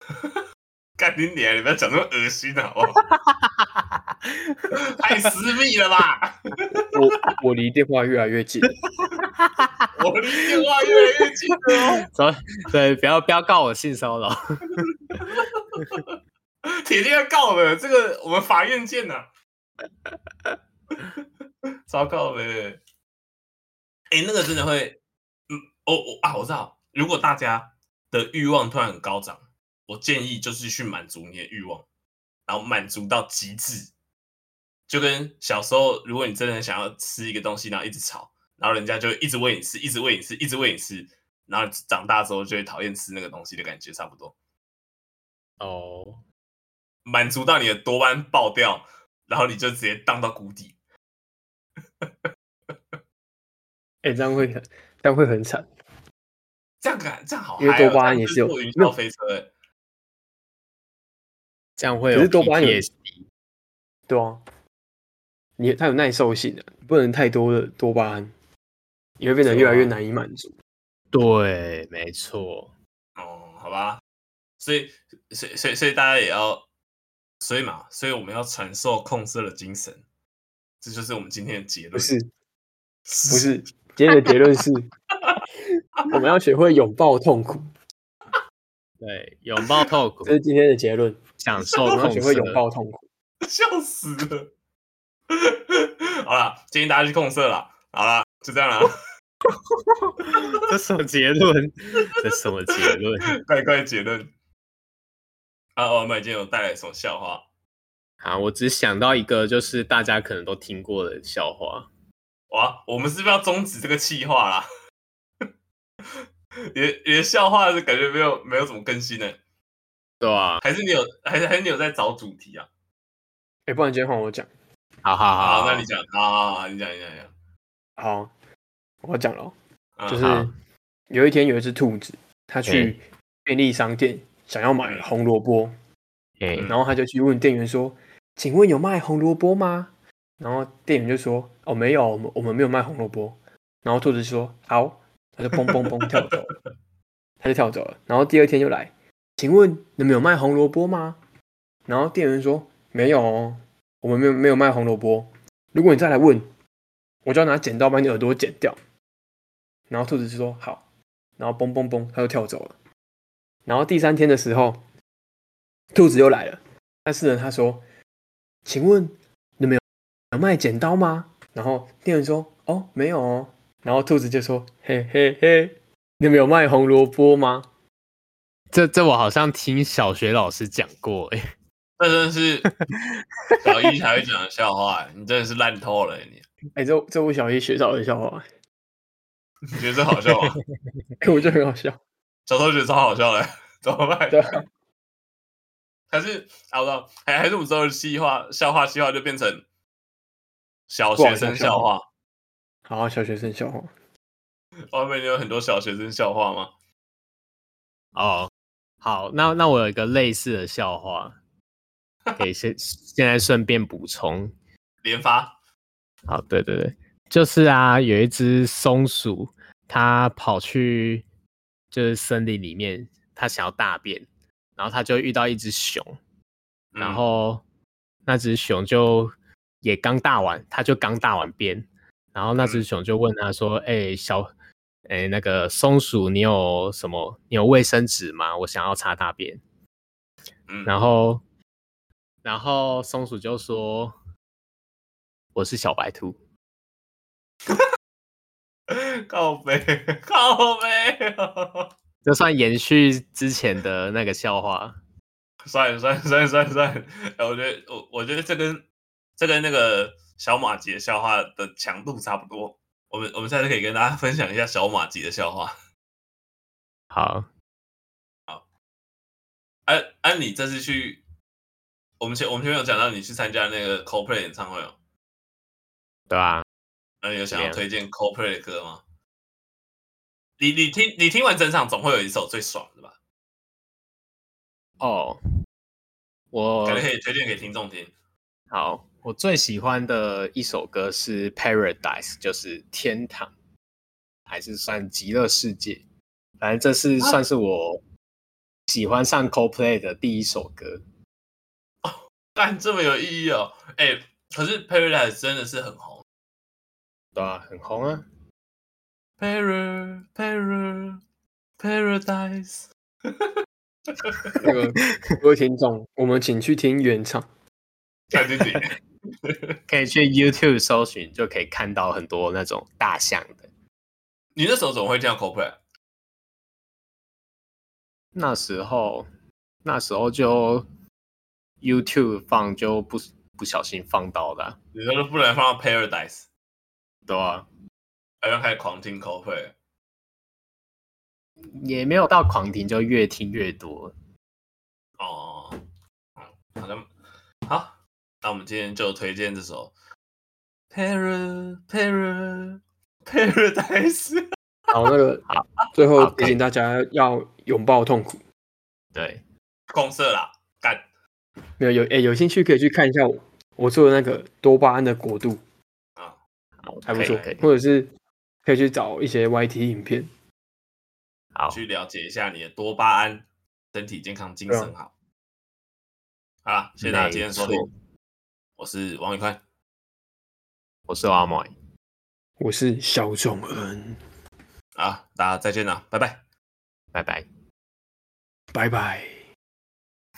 幹你娘，你不要講那麼惡心啊！好不好？ 太私密了吧！ 我！我我離電話越來越近 ，我離電話越來越近哦。對對，不要不要告我性騷擾，鐵定要告的。這個我們法院見吶、啊！ 糟糕了、欸。哎、欸，那個真的會……嗯，哦哦啊，我知道。如果大家的慾望突然很高漲，我建議就是去滿足你的慾望，然後滿足到極致。就跟小時候，如果你真的想要吃一個東西，然後一直吵，然後人家就一直餵你吃，一直餵你吃，一直餵你，你吃，然後長大之後就會討厭吃那個東西的感覺差不多。哦，滿足到你的多巴胺爆掉，然後你就直接盪到谷底。哎、 欸，這樣會很，這樣會很慘。這樣啊，這樣好、喔。因為多巴胺也是有，沒有飛車、欸。這樣會有。可是多巴胺也有。對啊。對啊你它有耐受性的，不能太多的多巴胺，你會變得越來越難以滿足、啊。對，沒錯。哦、嗯，好吧，所以，所以，所以，所以大家也要，所以嘛，所以我們要傳授控制的精神，這就是我們今天的結論。不是，不是，今天的結論是， 我 是結論，我們要學會擁抱痛苦。對，擁抱痛苦，這是今天的結論。享受我們要學會擁抱痛苦。笑，笑死了。 好了，建議大家去控色了。好了，就這樣了。 這什麼結論？ 這什麼結論？快快結論！啊，我們已經有帶來什麼笑話？啊，我只想到一個，就是大家可能都聽過的笑話。哇，我們是不是要終止這個企劃啦？你你的笑話是感覺沒有沒有怎麼更新的、欸，對啊，還是你有還是還是你有在找主題啊？哎、欸，不然今天換我講。好好好，那你講，好，好，好，你講你講你講。好，我講了就是、嗯、有一天有一隻兔子，它去便利商店、欸、想要買紅蘿蔔、欸。然後他就去問店員說：“請問有賣紅蘿蔔嗎？”然後店員就說：“哦，沒有，我們我們沒有賣紅蘿蔔。”然後兔子說：“好。”他就砰砰砰跳走了， 他就跳走了。然後第二天又來：“請問你們有賣紅蘿蔔嗎？”然後店員說：“沒有。”我們沒有沒有賣紅蘿蔔。如果你再來問，我就要拿剪刀把你耳朵剪掉。然後兔子就說：“好。”然後蹦蹦蹦，他就跳走了。然後第三天的時候，兔子又來了。但是呢，他說：“請問你們有賣剪刀嗎？”然後店員說：“哦，沒有哦。”然後兔子就說：“嘿嘿嘿，你們有賣紅蘿蔔嗎？”這這我好像聽小學老師講過誒。那真的是小一才會講的笑話、欸， 你真的是爛透了、欸，你！哎、欸，這這不小一學到的笑話嗎，你覺得好笑嗎？ 我就很好笑，小偷覺得超好笑嘞、欸，怎麼辦？還是好了，還、啊欸、還是我們說的計劃笑話，笑話，戲話就變成小學生笑話。好，笑笑好、啊，小學生笑話，外面就有很多小學生笑話嗎？哦，好，那那我有一個類似的笑話。給可以先，現現在順便補充，連發，好，對對對，就是啊，有一隻松鼠，它跑去就是森林裡面，它想要大便，然後它就遇到一隻熊，然後、嗯、那隻熊就也剛大完，它就剛大完便，然後那隻熊就問它說：“哎、嗯欸，小哎、欸、那個松鼠，你有什麼？你有衛生紙嗎？我想要擦大便。嗯”然後。然後松鼠就說：“我是小白兔。 靠”靠北，靠北，就算延續之前的那個笑話，算了算了算了算算，欸。我覺得我我覺得這跟這跟那個小馬吉的笑話的強度差不多。我們我們下次可以跟大家分享一下小馬吉的笑話。好，好。安，啊，安，啊，你這次去？我們前我們前面有講到你去參加那個 Coldplay 演唱會哦，對啊，那你有想要推薦 Coldplay 的歌嗎？你你聽你聽完整場總會有一首最爽的吧？哦，我可能可以推薦給聽眾聽。好，我最喜歡的一首歌是 Paradise，就是天堂，還是算極樂世界。反正這是算是我喜歡上 Coldplay 的第一首歌。啊、這麼有意義哦、喔！哎、欸，可是 Paradise 真的是很紅，對啊，很紅啊。Parar, Parar, Paradise，那、 這個各位聽眾，我們請去聽原唱，對自己。可以去 YouTube 搜尋，就可以看到很多那種大象的。你那時候怎麼會聽 Cover？那時候，那時候就。YouTube 放就不不小心放到了。啊，你說不能放到 Paradise，對啊，好像開始狂聽口水，也沒有到狂聽，就越聽越多。哦、uh, 好的，好，那我們今天就推薦這首 Para, Para, Paradise。 好，那個 最後提、okay. 醒大家要擁抱痛苦，對，公社啦。沒有有誒，有興趣可以去看一下我，我做的那個多巴胺的國度啊，還不錯，okay, okay. 或者是可以去找一些 YT 影片，好去了解一下你的多巴胺，身體健康，精神好。啊、好，謝謝大家今天收聽，我是王宇坤，我是阿茂，我是小仲恩，啊，大家再見啊，拜拜，拜拜，拜拜。